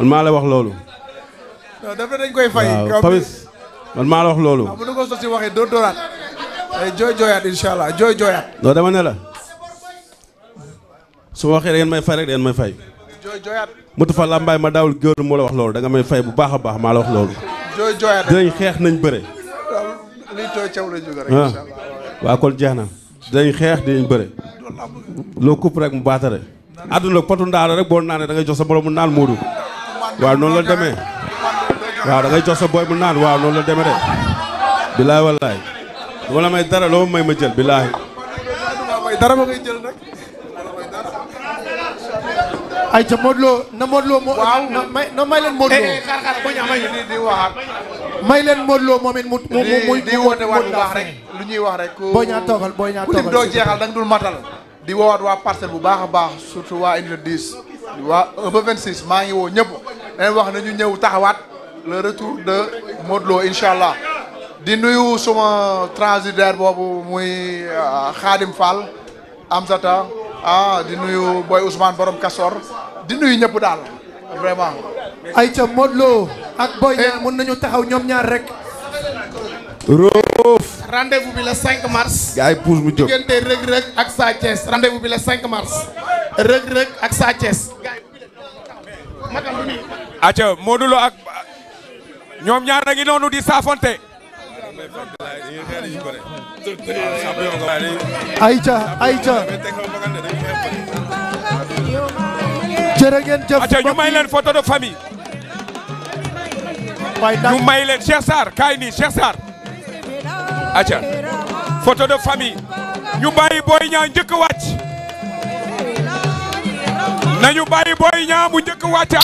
man maa la wax loolu. non dañ koy fay. waaw Papis man maa la wax loolu. waaw bu ñu ko sotti waxee jooy jooyaat incha allah jooy jooyaat. non dama ne la su ma waxee da may fay rek may fay. jooy jooyaat. fa làmbaay ma daawul góor moo la wax loolu da nga may fay bu baax a baax maa la wax loolu. jooy jooyaat xeex nañ bëre. liy tooy caw la jóge ah. kon jeex na dinañ xeex dinañ bëre. loo kupp rek mu baatare. àdduna potu ndaal rek boo naanee da ngay jox sa borom mu naan Moodu. waaw noonu la demee waaw da ngay jox sa boy mu naan waaw noonu la demee de bilaay wallaay du ma la may dara loo may ma jël bilaay dara ma koy jël nag ay ca Modou Lo na Modou Lo moo na may na may leen Modou Lo eh, eh, may leen Modou Lo moom it mu mu muy di woote waat bu baax rek lu ñuy wax rek booy ñaa toogal booy ñaa toogal ku doo jeexal da nga dul matal di woowaat waa parcelle bu baax a baax surtout waa unité 10 waa 1 ba 26 maa ngi woo ñëpp leen wax nañu ñëw taxawaat le retour de Modou Lo incha allah di nuyu suma transitaire boobu muy euh, Khadim Fall am ah di nuyu Boy Ousmane borom Kasor di nuyu ñëpp daal vraiment. ayca Modou ak Boy Niang eh. mën nañu taxaw ñoom ñaar rek. Roof. rendez-vous bi le 5 mars. gars yi mu jóg ak Sa aca Modou Lo ak ñoom ñaar a ngi noonu di saafonte ayca ayca jërë ngeen jëf aca ñu may leen photo de famille ñu may leen Cheikh Sarr aca photo de famille ñu bàyyi Boy Niang njëkk wàcc nañu bàyyi Boy Niang mu njëkk wàcc